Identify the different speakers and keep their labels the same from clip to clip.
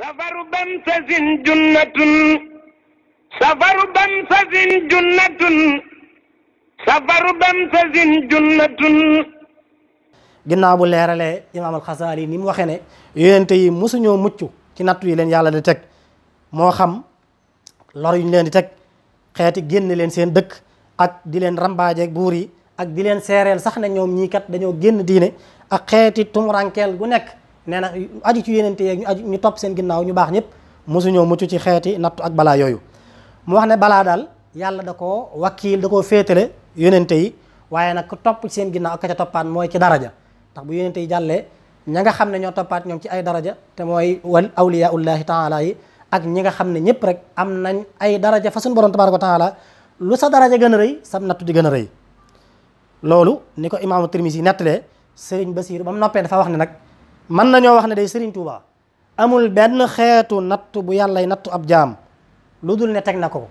Speaker 1: safaru ban sasin junnatun safaru ban sasin junnatun safaru ban sasin junnatun ginnaaw bu leeralee imaam alxasaali ni mu waxee ne yonente yi mosuñoo mucc ci nattu yi leen yàlla di teg moo xam lor yuñ leen di teg xeeti génn leen seen dëkk ak di leen rambaajeeg buur yi ak di leen seereel sax ne ñoom ñii kat dañoo génn diine ak xeeti tumurankeel gu nekk nee na aju ci yonent yeeg ñu ñu topp seen ginnaaw ñu baax ñëpp mosuñoo mucc ci xeeti nattu ak balaa yooyu mu wax ne balaa daal yàlla da koo wakkiil da koo féetale yonent yi waaye nag ku topp ci seen ginnaaw ak ka ca toppaat mooy ci daraja ndax bu yonent yi jàllee ña nga xam ne ñoo toppaat ñoom ci ay daraja te mooy wal awliyaullahi taala yi ak ñi nga xam ne ñëpp rek am nañ ay daraja fa suñu borom tabaraka wa taala lu sa daraja gën a rëy sam nattu di gën a rëy loolu ni ko imaamu Tirmisi yi nettalee Sëriñ Basiiru ba mu noppee dafa wax ne nag na ñoo wax ne day sëriñ Touba amul benn xeetu natt bu yàllay nattu ab jaam lu dul ne teg na ko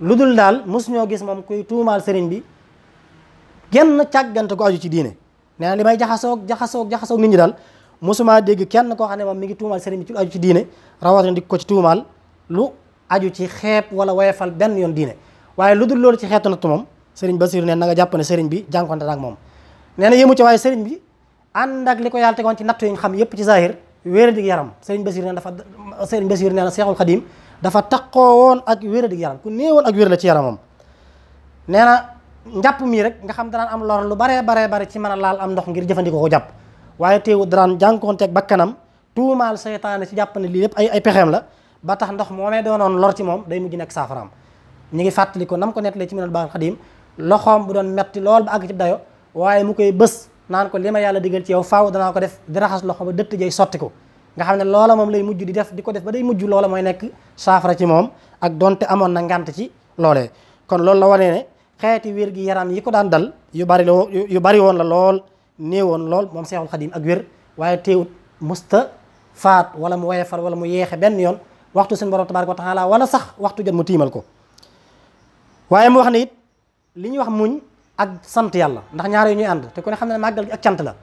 Speaker 1: lu dul daal mos ñoo gis moom kuy tuumaal sëriñ bi genn càggante ko aju ci diine nee na li may jaxasoog jaxasoog jaxasoog nit ñi daal mosuma dégg kenn koo xam ne moom mi ngi tuumaal Serigne bi ci aju ci diine rawatina di ko ci tuumaal lu aju ci xeeb wala woyefal benn yoon diine waaye lu dul loolu ci xeetu natt moom Serigne Bassirou ne na nga jàpp ne Serigne bi jànkonte ak moom ànd ak li ko yàlla tegoon ci nattu yi ñu xam yépp ci zahir wéeradig yaram sëriñ Basiir nee dafa sëriñ Basiir nee na Seexul Xadiim dafa taqoo woon ak wéeradig yaram ku néewoon ak wér la ci yaramam nee na njàpp mii rek nga xam danaan am lor lu baree baree bare ci mën laal am ndox ngir jëfandikoo ko jàpp waaye teewu danaan jànkoonteeg bakkanam tuumaal seytaane ci jàpp ne lii lépp ay ay pexeem la ba tax ndox moomee doonoon lor ci moom day mujj nekk saafaraam ñu ngi fàttali ko nam ko nettalee ci Minanul Baaqil Xadiim loxoom bu doon metti lool ba àgg naan ko li ma yàlla digal ci yow faaw danaa ko def di raxas loxo ba dëtt jay sotti ko nga xam ne loola moom lay mujj di def di ko def ba day mujj loola mooy nekk saafara ci moom ak donte amoon na ngant ci loolee kon loolu la wanee ne xeeti wér gi yaram yi ko daan dal yu bari la yu bari woon la lool néewoon lool moom Seexul Xadiim ak wér waaye teewut musta faat wala mu woyefal wala mu yeexe benn yoon waxtu suñu borom tabaaraka wa taala wala sax waxtu jot mu tiimal ko waaye mu wax ne it wax ak sant yàlla ndax ñaar yooyu ñuy ànd te ku ne xam ne màggal gi ak cant la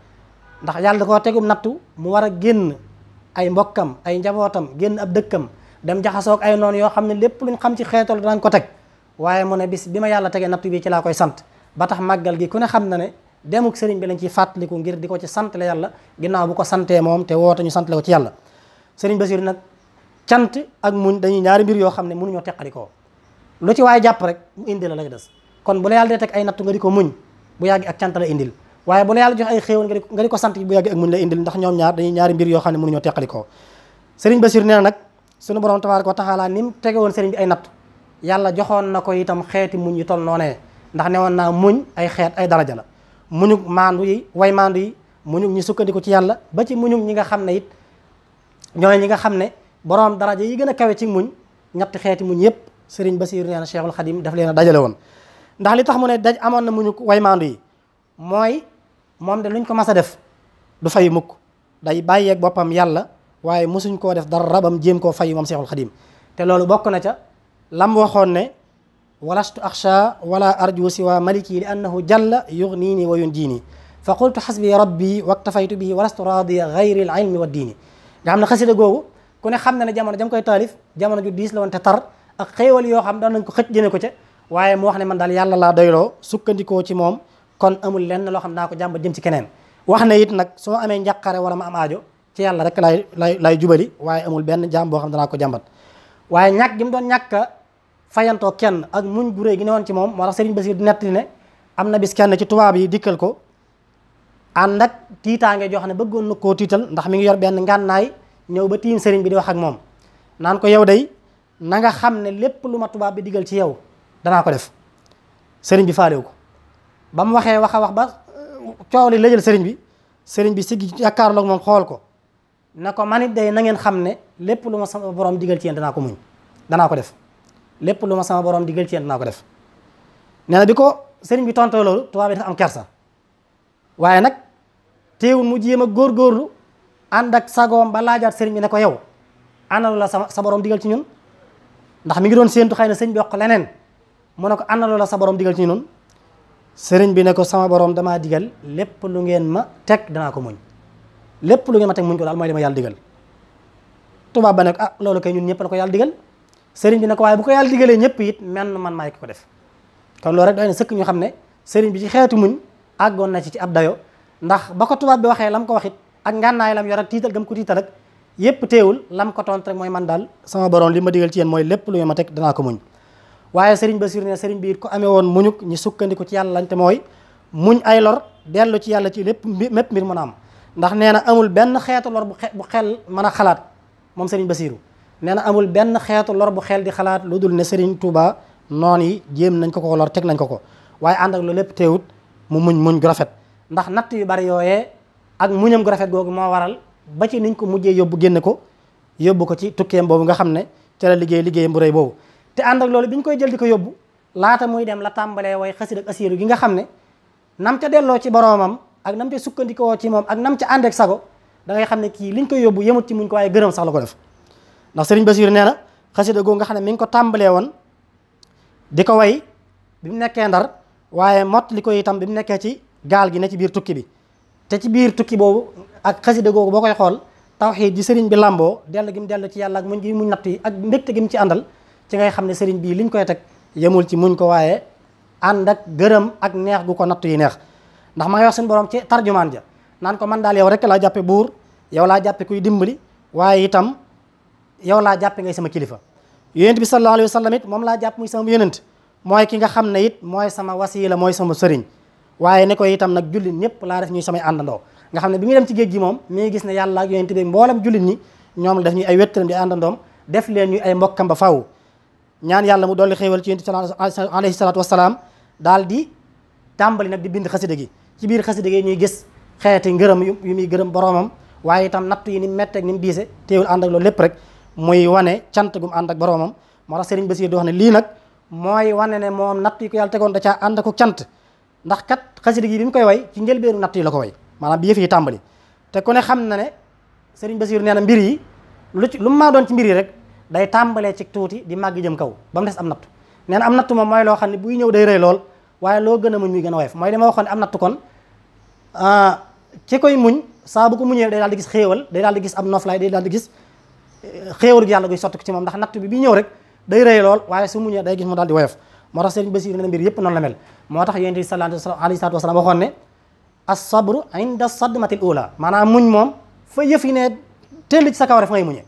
Speaker 1: ndax yàlla da koo tegum nattu mu war a génn ay mbokkam ay njabootam génn ab dëkkam dem jaxasoog ay noonu yoo xam ne lépp luñ xam ci xeetal danañ ko teg waaye mu ne bis bi ma yàlla tegee nattu bi ci laa koy sant ba tax màggal gi ku ne xam na ne demuk sëriñ bi lañ ciy fàttaliku ngir di ko ci sant la yàlla ginnaaw bu ko santee moom te woote ñu sant la ko ci yàlla sëriñ Basiru nag cant ak mu dañuy ñaari mbir yoo xam ne mënuñoo teqali koo lu ci waaye jàpp rek mu indi la la des kon bu la yàlla dee teg ay nattu nga di ko muñ bu yàgg ak cant la indil waaye bu la yàlla jox ay xéewal nga di ko sant bu yàgg ak muñ la indil ndax ñoom ñaar dañuy ñaari mbir yoo xam ne mënuñoo teqalikoo sëriñ Basiir nee na nag sunu borom tabaaraka mu tege woon sëriñ bi ay natt yàlla joxoon na ko itam xeeti muñ yi toll noonee ndax newoon naa muñ ay xeet ay daraja la muñu maandu yi way maandu yi muñu ñi sukkandiku ci yàlla ba ci muñu ñi nga xam ne it ñooy ñi nga xam ne borom daraja yi gën a kawe ci muñ ñetti xeeti muñ yépp sëriñ Basiir nee na Cheikhul Xadim daf leen a dajale woon ndax li tax mu ne daj amoon na muñu way maandu yi mooy moom da luñ ko mas a def du fay mukk day bàyyeeg boppam yàlla waaye musuñ koo def dara rabam jéem koo fay moom Seexul Xadim te loolu bokk na ca lam waxoon ne walastu axsha wala arju siwa maliki li annahu jalla yugnini wa yunjini fa qultu xasbi rabbi waktafaytu bihi walastu radiya gayri al ilmi wa diini nga xam ne xasida googu ku ne xam na ne jamono jam koy taalif jamono ju diis la woon te tar ak xéewal yoo xam daan nañ ko xëj jëne ko ca waaye mu wax ne man daal yàlla laa doyloo sukkandikoo ci moom kon amul lenn loo xam naa ko jàmba jëm ci keneen wax na it nag su ma amee njàqare wala ma am aajo ci yàlla rek lay lay lay jubali waaye amul benn jàmboo boo xam danaa ko jàmbat waaye ñàkk gi mu doon ñàkk fayantoo kenn ak muñ gu réy gi newoon ci moom moo tax sëriñ Basiir di nettali ne am na bis kenn ci tubaab yi dikkal ko ànd ak tiitaange joo xam ne bëggoon na koo tiital ndax mi ngi yor benn ngànnaay ñëw ba tiim sëriñ bi di wax ak moom naan ko yow day na nga xam ne lépp lu ma tubaab bi digal ci yow danaa ko def sëriñ bi faalewu ko ba mu waxee wax a wax ba euh, coow li lëjal sëriñ bi sëriñ bi siggi jàkkaarloog moom xool ko na ko man it day na ngeen xam ne lépp lu ma sama borom digal ci yéen danaa ko muñ danaa ko def lépp lu ma sama borom digal ci yéen danaa ko def nee na bi ko sëriñ bi tontoo loolu tubaab bi am kersa waaye nag teewul mu jéem a góorgóorlu ànd ak sagoom ba laajaat sëriñ bi ne ko yow àndalu la sa sa borom digal ci ñun ndax mi ngi doon séentu xëy na sëñ bi wax leneen mu ne ko ana loola sa borom digal ci ñun sëriñ bi ne ko sama borom damaa digal lépp lu ngeen ma teg danaa ko muñ lépp lu ngeen ma teg muñ ko daal mooy li ma yàlla digal tubaab ba ne ko ah loolu kay ñun ñëpp la ko yàlla digal sëriñ bi ne ko waaye bu ko yàlla digalee ñëpp it menn man maay ko def kon loolu rek doy na sëkk ñu xam ne sëriñ bi ci xeetu muñ àggoon na ci ci ab dayo ndax ba ko tubaab bi waxee lam ko waxit ak ngànnaay lam yor ak tiital gam ko tiital ak yëpp teewul lam ko tont rek mooy man daal sama borom li ma digal ci yéen mooy lépp lu ma teg danaa ko muñ waaye sëriñ Basiir ne sëriñ biir it ko amee woon muñuk ñu sukkandiku ci yàlla lañ te mooy muñ ay lor dellu ci yàlla ci lépp mépp mbir mën a am ndax nee na amul benn xeetu lor bu bu xel mën a xalaat moom sëriñ Basiiru nee na amul benn xeetu lor bu xel di xalaat lu dul ne sëriñ Touba noon yi jéem nañ ko ko lor teg nañ ko ko waaye ànd ak loolu lépp teewut mu muñ muñ gu rafet ndax natt yu bari yooye ak muñam gu rafet googu moo waral ba ci niñ ko mujjee yóbbu génne ko yóbbu ko ci tukkeem boobu nga xam ne ca la liggéey liggéeyam bu rëy boobu te ànd ak loolu bi ñu koy jël di ko yóbbu laata muy dem la tàmbalee way xasid ak asiiru gi nga xam ne nam ca delloo ci boroomam ak nam ca sukkandikoo ci moom ak nam ca àndeek sago da xam ne kii liñ koy yóbbu yemut ci muñ ko waaye gërëm sax ko def ndax sëriñ Basiir nee na xasida googu nga xam ne mi ko tàmbalee woon di ko way bi mu nekkee ndar waaye mott li ko itam bi mu nekkee ci gaal gi ne ci biir tukki bi te ci biir tukki boobu ak xasida googu boo koy xool tawxiid ji sëriñ bi làmboo dell gi mu ci yàlla ak muñ gi natt yi ak mbégte gi ci àndal ci ngay xam ne sëriñ bii liñ koy teg yemul ci muñ ko waaye ànd ak gërëm ak neex gu ko natt yi neex ndax ma ngay wax suñu borom ci tarjumaan ja naan ko man daal yow rek laa jàppe buur yow laa jàppe kuy dimbali waaye itam yow laa jàppe ngay sama kilifa yonent bi sallallahu alayhi wa sallam it moom laa jàpp muy sama yonent mooy ki nga xam ne it mooy sama wasiila mooy sama sëriñ waaye ne ko itam nag jullit ñëpp laa def ñuy samay àndandoo nga xam ne bi muy dem ci géej gi moom mi gis ne yàlla ak yonent jullit ñi ñoom la ñuy ay wettalam di def leen ñuy ay mbokkam ba faw ñaan yàlla mu dolli xéewal ci yonent bi alayhi salaatu wasalaam daal di tàmbali nag di bind xasida gi ci biir xasida gi ñuy gis xeeti ngërëm yu muy gërëm boroomam waaye itam natt yi ni mu métteeg ni mu diise teewul ànd lépp rek muy wane cant gum ànd ak boroomam moo tax Sëriñ Basiir di wax lii nag mooy wane ne moom natt yi ko yàlla tegoon da caa ànd ak cant ndax kat xasida gi bi mu koy way ci njëlbeenu natt yi la ko way maanaam bi yëf yi tàmbali te ku ne xam na nee mbir yi lu ci ci mbir yi rek day tàmbalee ci tuuti di màgg jëm kaw ba mu des am nattu nee na am nattu moom mooy loo xam ne buy ñëw day rey lool waaye loo gën a muñ muy a woyof mooy li ma ne am nattu kon ah, ki koy muñ saa ko muñee day daal di gis xéewal day daal di gis am noflaay day daal di gis eh, xéewalu yàlla guy sotti ko moom ndax nattu bi bi ñëw rek day rëy lool waaye su muñee day gis mu daal di woyof moo tax sëriñ Basiir ne mbir yépp noonu la mel moo tax yonent bi sallallahu alayhi wa sallam waxoon ne as-sabru inda sadmatil ula maanaam muñ moom fa yëf yi ne teel ci sa kaw rek fa ngay muñee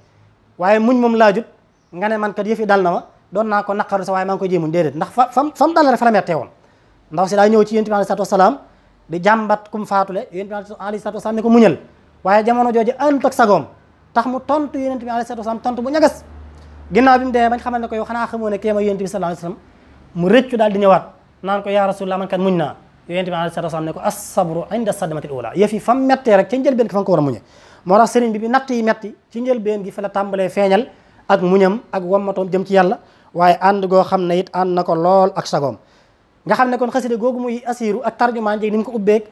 Speaker 1: waaye muñ moom laajut nga ne man kat yëf yi dal na ma doon naa ko naqaru sa waaye maa ngi koy jéemuñ déedéet ndax fa fam fa mu dal rek fa la mettee woon si daa ñëw ci yonent bi ko muñal waaye jamono jooju àndut sagoom tax mu tontu yonent bi alayhi salaatu wasalaam tontu bu ñagas ginnaaw bi mu demee bañ xamal ne ko yow xanaa xamoo ne kee ma yonent bi sallallahu alayhi wasallam mu rëccu daal di ñëwaat naan ko yaa rasulullah man kat muñ naa yonent bi alayhi salaatu wasalaam ne ko as-sabru inda a ula yëf yi fam mettee rek ca njëlbeen ko fa ko war a muñe moo tax sëriñ bi bi natt yi metti ci njëlbeen gi fa la tàmbalee feeñal ak muñam ak wammatoom jëm ci yàlla waaye ànd goo xam ne it ànd na ko lool ak sagoom nga xam ne kon xasida googu muy asiiru ak tarjumaan ji ni mu ko ubbeeg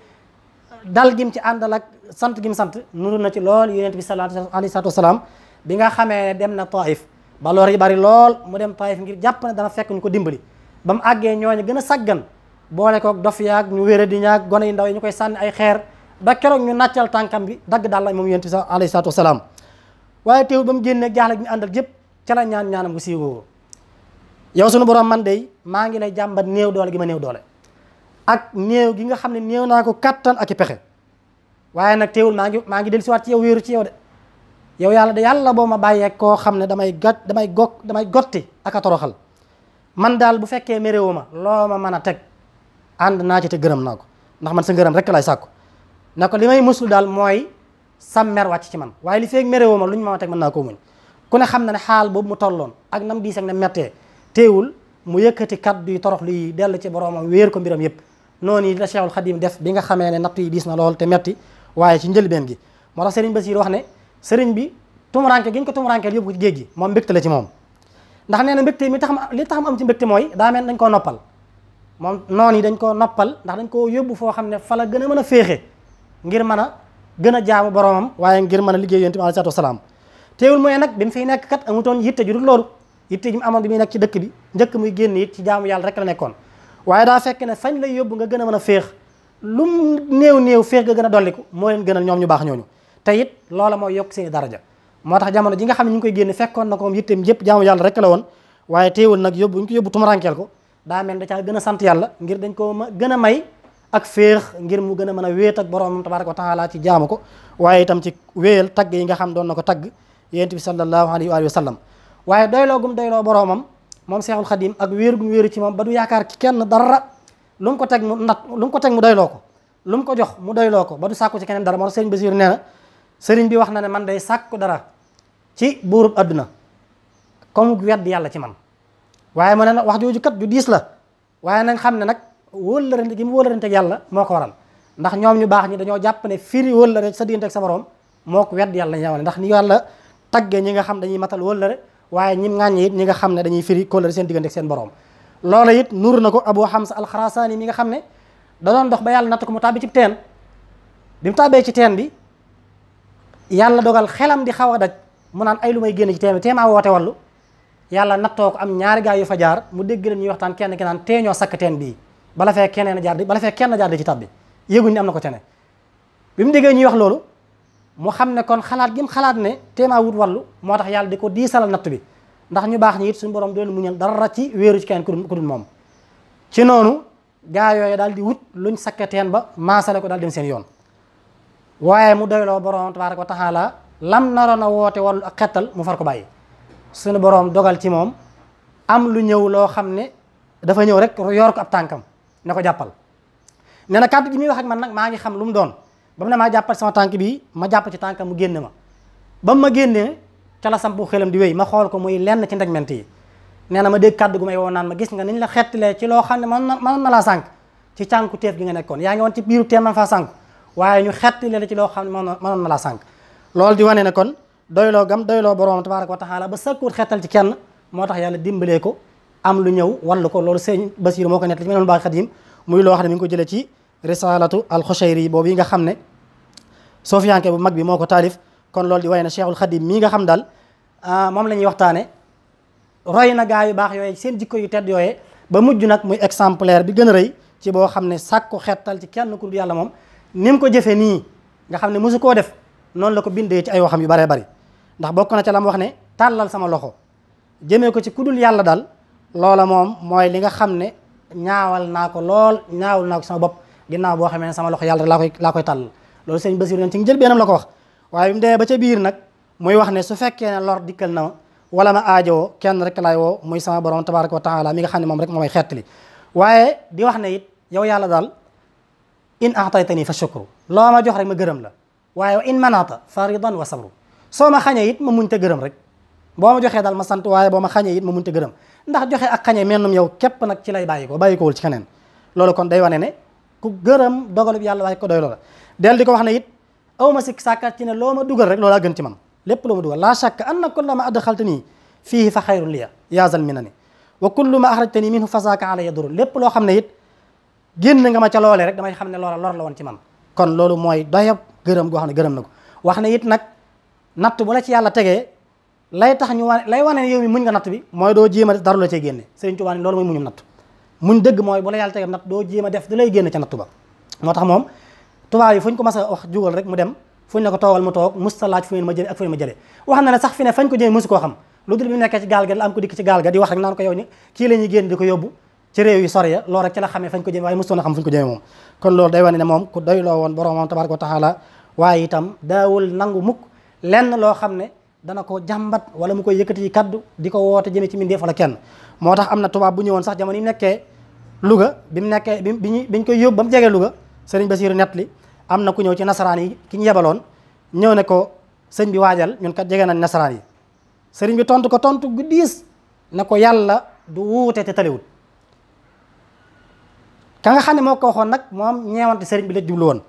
Speaker 1: dal gim ci àndal ak sant gim sant nuru na ci lool yonent bi salaatu alayhi salaatu wasalaam bi nga xamee dem na Taif ba loor yi bari lool mu dem Taif ngir jàpp ne fekk ñu ko dimbali ba mu àggee ñooñu gën a saggan boole kook dof yaag ñu wére di ñaag gone yu ndaw yi ñu koy sànni ay xeer ba keroog ñu nàccal tànkam bi dagg daal la moom yonent bi sa alayhi salaatu wasalaam waaye teewul ba mu génne jaaxle ñu àndal yëpp ca la ñaan ñaanam gu siiwoo yow sunu borom man de maa ngi lay jàmbat néew doole gi ma néew doole ak néew gi nga xam ne néew naa ko kattan ak i pexe waaye nag teewul maa ngi maa ngi ci yow wéeru ci yow de yow yàlla de yàlla boo ma bàyyee koo xam ne damay gat damay gog damay gotti ak toroxal man daal bu fekkee méréwu ma loo ma mën a teg ànd naa ci te gërëm naa ko ndax man sa gërëm rek lay sàkku ne ko li may muslu daal mooy sam mer wàcc ci man waaye li feeg merewoo ma lu ñu ma teg mën naa koo muñ ku ne xam na ne xaal boobu mu tolloon ak nam diis na ne mettee teewul mu yëkkati kaddu yi torox luy dellu ci boroomam weer ko mbiram yépp noonu yi la Cheikhul Khadim def bi nga xamee ne natt yi diis na lool te metti waaye ci njëlbeen gi moo tax Serigne Bassir wax ne Serigne bi tumuranke gi ñu ko tumuranke yóbbu ko ci géej gi la ci moom ndax nee na mbégte tax tax am ci mooy daa mel dañ noppal moom noon yi dañ koo noppal ndax dañ koo yóbbu foo xam ne fa la gën a mën a féexe ngir mën a gën a jaamu boromam waaye ngir mën a liggéey yonent bi alayhi salaatu wasalaam teewul mooy nag bi mu fiy nekk kat amutoon yitte ju dul loolu yitte ji mu amoon ci dëkk bi njëkk muy génn it ci jaamu yàlla rek la nekkoon waaye daa fekk ne fañ lay nga gën a mën a féex lu néew néew féex nga gën a dolliku moo leen gënal ñoom ñu baax ñooñu te it loola mooy yokk seeni daraja moo tax jamono ji nga xam ne ñu ngi koy génne fekkoon na ko moom yitteem yëpp jaamu yàlla rek la woon waaye teewul nag yóbbu ñu ko yóbbu tumurankeel ko daa mel da caa gën a sant yàlla ngir dañ koo ma gën a may ak féex ngir mu gën a mën a wéet ak boroomam tabaaraka wa taala ci jaamu ko waaye itam ci wéyal tagg yi nga xam doon na ko tagg yonent bi sallallahu alayhi wa sallam waaye doyloo gum doyloo boroomam moom Seexul Xadiim ak wéeru gum wéeru ci moom ba du yaakaar ci kenn dara lu mu ko teg mu nat lu ko teg mu doyloo ko lu mu ko jox mu doyloo ko ba du sàkku ci keneen dara moo tax sëriñ Basiiru nee na sëriñ bi wax na ne man day sàkku dara ci buurub àdduna comme wedd yàlla ci man waaye mu ne wax jooju kat ju diis la waaye nag xam ne nag wóllërante gi mu wóllërante ak yàlla moo ko waral ndax ñoom ñu baax ñi dañoo jàpp ne firi wóllëre sa diggante ak sa boroom moo ko wedd yàlla ñaawale ndax ni yàlla tagge ñi nga xam dañuy matal wóllëre waaye ñi ŋàññi it ñi nga xam ne dañuy firi kóllëre seen diggante ak seen borom loola it nur na ko Abu Hamza al-Khurasani mi nga xam ne da doon dox ba yàlla natt ko mu tàbbi ci teen bi mu tàbbee ci teen bi yàlla dogal xelam di xaw a daj mu naan ay lu may génn ci teen bi teemaa yàlla nattoo ko am ñaari gaay yu fa jaar mu dégg leen ñuy waxtaan kenn ki naan teeñoo sakk teen bii bala fee keneen jaar di bala fee kenn jaar di ci tab bi yéguñ ne am na ko tene bi mu déggee ñuy wax loolu mu xam ne kon xalaat gi xalaat ne tee téemaa wut wallu moo tax yàlla di ko diisalal nattu bi ndax ñu baax ñu it suñu borom doon muñal dara ci wéeru ci kenn ku dul moom ci noonu gaa yooyu daal di wut luñ sakk ba maasale ko daal dem seen yoon waaye mu doyloo borom tabaaraka wa taala lam naroon a woote wàllu ak xettal mu far ko bàyyi suñu boroom dogal ci moom am lu ñëw loo xam ne dafa ñëw rek yor ko ab tànkam ne ko jàppal nee na kàddu gi muy wax ak man nag maa ngi xam lu mu doon ba mu ne maa jàppal sama tànk bi ma jàpp ci tànkam mu génne ma ba mu ma génnee ca la sampu xelam di wey ma xool ko muy lenn ci ndegment yi nee na ma dégg kàddu gu may woo naan ma gis nga niñ la xettalee ci loo xam ne man man na laa sànq ci cànku teef gi nga nekkoon yaa ngi woon ci biiru teem man faa sànq waaye ñu xettalee ne mënoon na laa sànq loolu di wane ne kon doyloo gam doyloo borom tabaaraka wa taala ba sakkuwut xetal ci kenn moo tax yàlla dimbalee ko am lu ñëw wallu ko loolu sëñ Basiru moo ko nett ci meneen baax xadim muy loo xam ne mi ngi ko jëlee ci risalatu alxushayri yi boobu yi nga xam ne sofiyanke bu mag bi moo ko taalif kon loolu di way na cheikhul xadim mii nga xam daal ah, moom la ñuy waxtaane roy na gaa yu baax yooye seen jikko yu tedd yooye ba mujj nag muy exemplaire bi gën a rëy ci boo xam ne sàkku xettal ci kenn ku yàlla moom ni mu ko jëfee nii nga xam ne mosu koo def noonu la ko bindee ci ay waxam yu baree bari ndax bokk na ca la mu wax ne tàllal sama loxo jëmee ko ci kudul yàlla daal loola moom mooy li nga xam ne ñaawal naa ko lool ñaawul naa ko sama bopp ginnaaw boo xamee ne sama loxo yàlla laa koy laa koy tàllal loolu sëñ Basiru neen ci ngi jël ko wax waaye bi mu demee ba ca biir nag muy wax ne su fekkee ne lor dikkal na ma wala ma aajowoo kenn rek laay woo muy sama borom tabaaraka wa taala mi nga xam ne moom rek moomay xettali waaye di wax ne it yow yàlla daal in aataytani fa shukru loo ma jox rek ma gërëm la waaye wa in manata faridan wa sabru soo ma xañee it ma muñ te gërëm rek boo ma joxee daal ma sant waaye boo ma xañee it ma muñ te gërëm ndax joxe a xañee mennum yow képp nag ci lay bàyyi ko bàyyi ko wul ci keneen loolu kon day wane ne ku gërëm dogalub yàlla waaye ko doy loola del di ko wax ne it aw ma sikk sàkkat ci ne loo ma dugal rek loolaa gën ci man lépp loo ma dugal laa shakka anna kulla ma adxalta nii fiihi fa xayrun liya yaasal mi na ni wa kullu ma axrajta nii minhu fasaaka ala yaduru lépp loo xam ne it génn nga ma ca loolee rek damay xam ne loola lor la woon ci man kon loolu mooy doyab gërëm goo xam ne gërëm na ko natt bu la ci yàlla tegee lay tax ñu wane lay wane ne yow muñ nga natt bi mooy doo jéem a def dara la cay génne Sëriñ Tuubaa ni loolu mooy muñum natt muñ dëgg mooy bu la yàlla tegee natt doo jéem a def du lay génne ca natt ba moo tax moom tubaab yi fu ñu ko mas a wax jugal rek mu dem fu ñu ne mu toog musta laaj fu ma jëlee ak fu ngeen ma jëlee wax na ne sax fi ne fañ ko jëlee mosu koo xam lu dul bi mu nekkee ci gaal ga la am ko dikk ci gaal ga di wax rek naan ko yow ni kii la ñuy génn di ko yóbbu ci réew yi sore loolu rek ci la xamee a xam fu ñu ko jëmee wa lenn loo xam ne dana ko jàmbat wala mu koy yëkkati kaddu di ko woote jëme ci mindeef wala kenn moo tax am na tubaab bu ñëwoon sax jamono yi nekkee luga bi mu nekkee bi biñu biñ koy yóbbu ba mu jegee Louga sëriñ Basiiru net li am na ku ñëw ci nasaraan yi ki ñu yebaloon ñëw ne ko sëñ bi waajal ñun kat jege nañ nasaraan yi sëriñ bi tontu ko tontu gu diis ne ko yàlla du wuute te taliwut ka nga xam ne moo ko waxoon nag moom ñeewante sëriñ bi la jublu woon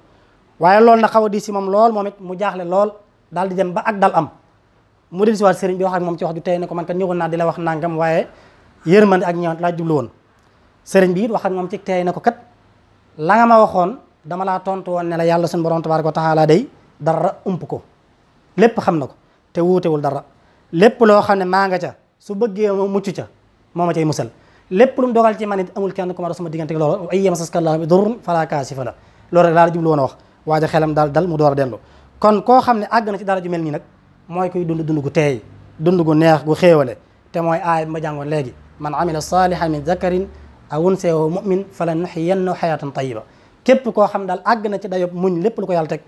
Speaker 1: waaye loolu na xaw a diis si moom lool moom mu jaaxle lool daal di dem ba ak dal am mu dem si waat sëriñ bi wax moom ci wax ju tey ne ko man kat ñëwoon naa di la wax nangam waaye yërmande ak ñëwant laa jublu woon sëriñ bi it wax ak moom ci tey ne ko kat la nga ma waxoon dama laa tontu woon ne la yàlla suñu borom tabaaraka wa taala day dara ump ko lépp xam na ko te wuutewul dara lépp loo xam ne maa nga ca su bëggee ma mucc ca moo ma mu musal lépp lu mu dogal ci man it amul kenn ko ma doon sama diggante loolu ay yemsaskallaahu bi durrun falaa kaashifa la loolu rek laa la jublu woon a xelam daal dal mu door a dellu kon koo xam ne àgg na ci dara ju mel nii nag mooy koy dund dundu gu teey dundu gu neex gu xéewale te mooy aaya bi ma jàngoon léegi man amila saalihan min zakarin aw unsaa wa mu'min falanuhyiyannahu hayaatan tayyiba képp koo xam daal àgg na ci dayob muñ lépp lu ko yàlla teg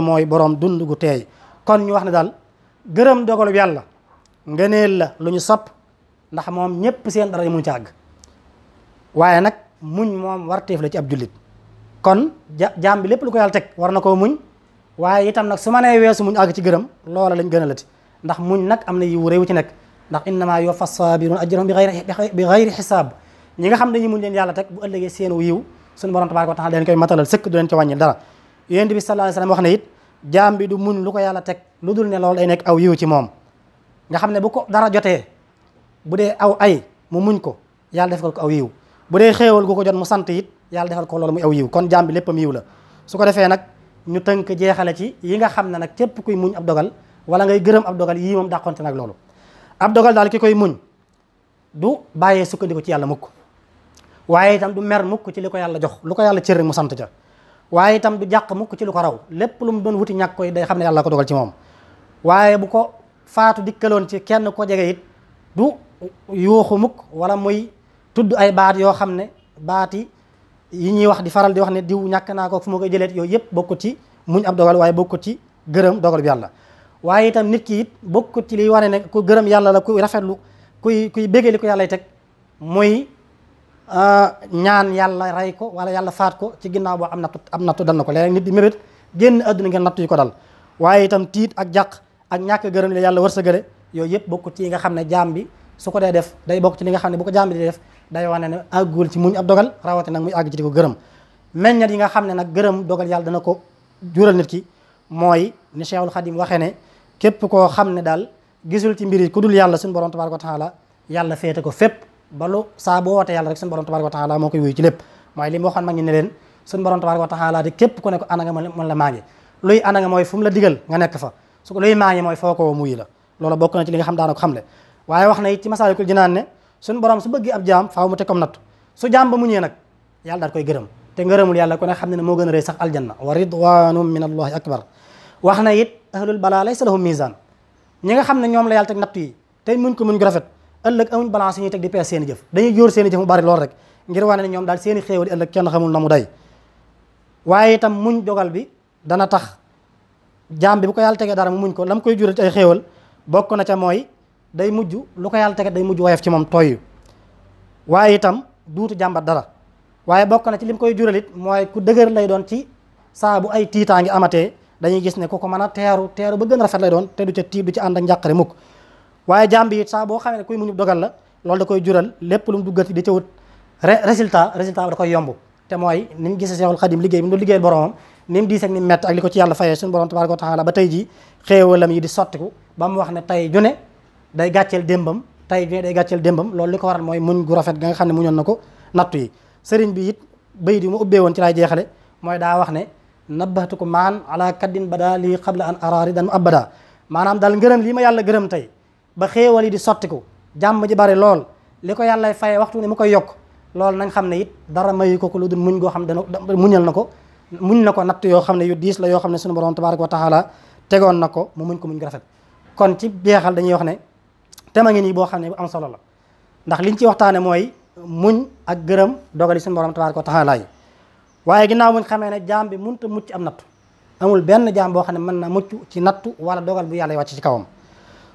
Speaker 1: mooy boroom dund gu teey kon ñu wax ne daal gërëm dogalu yàlla ngëneel la lu ñu sopp ndax moom ñépp seen dara muñ ci àgg waaye nag muñ moom warteef la ci ab jullit kon jaam bi lépp lu ko yàlla teg war na koo muñ waaye itam nag su ma nee weesu muñ àgg ci gërëm loola lañ gën a lati ndax muñ nag am na yiw réew ci nekk ndax innama yuwaffa saabirun ajrahum bi xayri xisaab ñi nga xam dañuy muñ leen yàlla teg bu ëllëgee seenu yiw suñu borom tabaaraka wa taala leen koy matalal sëkk du leen ci wàññil dara yonent bi sallallahu alayhi wasallam wax ne it jaam bi du muñ lu ko yàlla teg lu dul ne lool day nekk aw yiw ci moom nga xam ne bu ko dara jotee bu dee aw ay mu muñ ko yàlla defal ko aw yiw bu dee xéewal gu ko jot mu sant it yàlla defal ko loolu muy aw yiw kon jaam bi léppam yiw la su ko defee nag ñu tënk jeexale ci yi nga xam ne nag képp kuy muñ ab dogal wala ngay gërëm ab dogal yii moom dàqonte nag loolu ab dogal daal ki koy muñ du bàyyee sukkandiku ci yàlla mukk waaye itam du mer mukk ci li yàlla jox lu ko yàlla cër rek mu sant ca waaye itam du jàq mukk ci lu ko raw lépp lu mu doon wuti ñàkk koy day xam ne yàlla ko dogal ci moom waaye bu ko faatu dikkaloon ci kenn ko jege it du yuuxu mukk wala muy tudd ay baat yoo xam ne baati yi ñuy wax di faral di wax ne diw ñàkk naa ko fu ma koy jëleet yooyu yëpp bokkut ci muñ ab dogal waaye bokkut ci gërëm dogal bi yàlla waaye itam nit ki it bokkut ci liy wane ne ku gërëm yàlla la kuy rafet lu kuy béggee li ko yàlla teg mooy ah, ñaan yàlla rey ko wala yàlla faat ko ci ginnaaw boo am nattu am nattu dal na ko léeg nit di mébét génn àdduna ngeen nattu yi ko dal waaye itam tiit ak jàq ak ñàkk gërëm la yàlla wërsëgale yooyu yëpp bokkut ci yi nga xam ne jaam bi su ko dee def day bokk ci li nga xam ne boo ko jaam bi di def day wane ne àggul ci muñ ab dogal rawati nag muy àgg ci di ko gërëm meññat yi nga xam ne nag gërëm dogal yàlla dana ko jural nit ki mooy ni Cheikhul Khadim waxee ne képp koo xam ne daal gisul ci mbir yi ku dul yàlla suñu borom tabaraka wa taala yàlla féete ko fépp moo koy wuyu ci lépp mooy li mu waxoon mag ne leen suñu borom tabaraka wa taala di képp ku ne ko ana nga mën la maa luy ana mooy fu la digal nekk fa su luy maa bokk na nga xam daana ko xam waaye wax na it ci masaalikul jinaan ne suñ borom su bëggee ab jaam faaw mu teg comme natt su jaam ba muñee nag yàlla daal koy gërëm te ngërëmul yàlla ku ne xam ne ne moo gën a rëy sax aljanna wa ridwanum min allahi akbar wax na it ahlul balaa laysa lahum misaan ñi nga xam ne ñoom la yàlla teg natt yi tey muñ ko muñ ko rafet ëllëg amuñ balance ñuy teg di pees seeni jëf dañuy jóor seeni jëf mu bari lool rek ngir wane ne ñoom daal seeni xéewal ëllëg kenn xamul na mu day waaye itam muñ dogal bi dana tax jaam bu ko yàlla tegee dara mu ko lam koy jural ci ay bokk na ca mooy day mujj lu ko yàlla tegat day mujj woyof ci moom tooy waaye itam duutu jàmbat dara waaye bokk na ci lim koy jural mooy ku dëgër lay doon ci saa bu ay tiitaangi amatee dañuy gis ne ko ko mën a teeru teeru ba gën a rafet lay doon te du ca tiit du ci ànd ak njàqare mukk waaye jàmb it saa boo xamee ne kuy muñub dogal la loolu da koy jural lépp lu mu duggati di ca wut résultat résultat bi da koy yomb te mooy ni mu gisee Seexul Xadim liggéey bi mu boromam ni mu diiseeg ni ak li ko ci yàlla fayee suñu borom tabaaraka wa taala ba tey ji xéewalam yi di sottiku ba mu wax ne tey ju day gàcceel dembam tey jii day gàcceel dembam loolu li ko waral mooy muñ gu rafet ga nga xam ne muñoon na ko nattu yi sëriñ bi it bay di mu ubbee woon ci laay jeexale mooy daa wax ne nabbahtukum maan ala kaddin bada lii qabla an araari dan mu abada maanaam daal ngërëm lii ma yàlla gërëm tey ba xéewal yi di sottiku jàmm ji bari lool li ko yàlla fayee waxtu ne mu koy yokk loolu nañ xam ne it dara mayu ko ko lu dul muñ goo xam dana muñal na ko muñ na ko natt yoo xam ne yu diis la yoo xam ne sunu borom tabaraka wa taala tegoon na ko mu muñ ko muñ ko rafet kon ci jeexal dañuy wax ne tema ngi nii boo xam ne bu am solo la ndax liñ ci waxtaane mooy muñ ak gërëm dogali suñu borom tabaaraka wa ko yi waaye ginnaaw muñ xamee ne jàmbi mun mënut mucc am nattu amul benn jaam boo xam ne mën na mucc ci nattu wala dogal bu yàlla wàcc ci kawam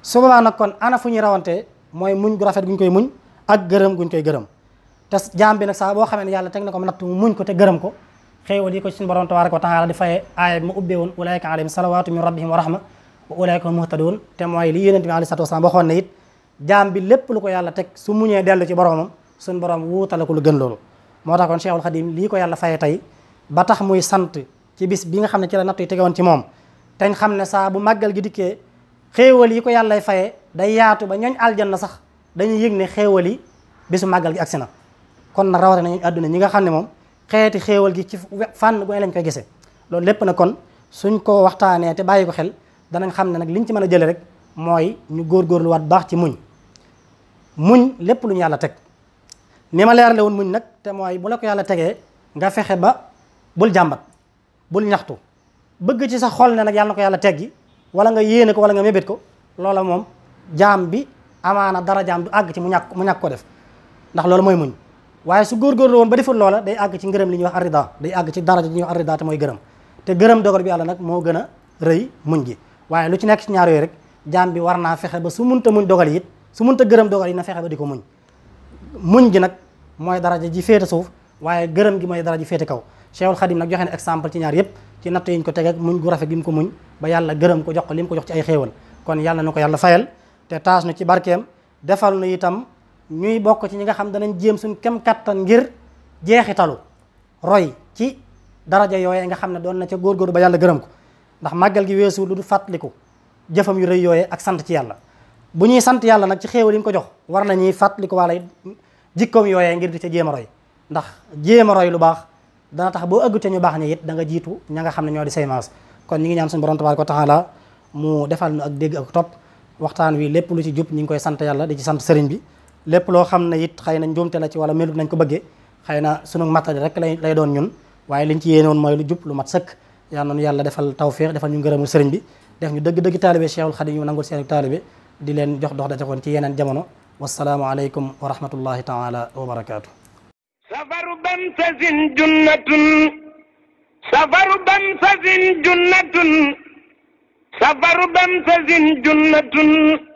Speaker 1: su boobaa nag kon ana fu ñuy rawante mooy muñ gu rafet guñ koy muñ ak gërëm guñ koy gërëm te jaam bi nag boo xamee ne yàlla teg na ko nattu muñ ko te gërëm ko xéewal ko suñu borom tabaaraka wa taala di faye aaya bi ma ubbee woon ulaayka alayhim salawaatu min rabbihim wa wa ulaayka hum muhtadun te mooy li yonent bi alayhi salaatu wasalaam waxoon jaam bi lépp lu ko yàlla teg su muñee dellu ci boromam suñ borom wuutale ko lu gën loolu moo tax kon Cheikhul Khadim lii ko yàlla faye tey ba tax muy sant ci bis bi nga xam ne ci la nattu yi tegewoon ci moom teñ xam ne saa bu màggal gi dikkee xéewal yi ko yàllay faye day yaatu ba ñooñ aljanna sax dañuy yëg ne xéewal yi bisu màggal gi agsi na kon nag rawate nañu àdduna ñi nga xam ne moom xeeti xéewal gi ci fànn gu ne lañ koy gisee loolu lépp na kon suñ ko waxtaanee te bàyyi ko xel danañ xam ne nag liñ ci mën a jële rek mooy ñu góorgóorluwaat baax ci muñ muñ lépp lu ñu yàlla teg ni ma leerale woon muñ nag te mooy bu la ko yàlla tegee nga fexe ba bul jàmbat bul ñaxtu bëgg ci sa xol ne nag yàlla na ko yàlla teggi wala nga yéene ko wala nga mébét ko loola moom jaam bi amaana dara jaam du àgg ci mu ñàkk mu ñàkk ko def ndax loolu mooy muñ waaye su góorgóorlu woon ba deful loola day àgg ci ngërëm li ñuy wax arrida day àgg ci daraja li ñuy wax arrida te mooy gërëm te gërëm dogal bi yàlla nag moo gën a rëy muñ gi waaye lu ci nekk ci ñaar rek jaam bi war naa fexe ba su munta muñ dogal it su mënta gërëm dogal yi na fexe ba di ko muñ muñ gi nag mooy daraja ji féete suuf waaye gërëm gi mooy daraja ji féete kaw Cheikhul Khadim nag joxe na exemple ci ñaar yépp ci natt yiñ ko teg ak muñ gu rafet gi mu ko muñ ba yàlla gërëm ko jox ko li mu ko jox ci ay xéewal kon yàlla na ko yàlla fayal te taas na ci barkeem defal nu itam ñuy bokk ci ñi nga xam danañ jéem suñ kem kattan ngir jeexitalu roy ci daraja yooye nga xam ne doon na ca góorgóorlu ba yàlla gërëm ko ndax màggal gi weesu lu du fàttaliku jëfam yu rëy yooye ak sant ci yàlla bu ñuy sant yàlla nag ci xéewal yi mu ko jox war nañuy fàttali ko wala jikkoom yooyee ngir di ca jéem a roy ndax jéem a roy lu baax dana tax boo ëgg ca ñu baax ñi it da nga jiitu ña nga xam ne ñoo di say kon ñi ngi ñaan suñu borom tabaaraka wa taala mu defal ak dégg ak topp waxtaan wi lépp lu ci jub ñi ngi koy sant yàlla di ci sant sëriñ bi lépp loo xam ne it xëy na njuumte la ci wala melut nañ ko bëggee xëy na sunu matadi rek lay lay doon ñun waaye liñ ci yéenoon mooy lu jub lu mat sëkk yal na nu yàlla defal tawfiq defal ñu ngërëmul sëriñ bi def ñu dëgg-dëgg taalibe Cheikhul Khadim ñu nangul seen taalibe di leen jox dox daje woon ci yeneen jamono wasalaamu aleykum wa rahmatullahi taala wa barakaatu safaru bamsasin junnatun safaru bamsasin junnatun safaru bamsasin junnatun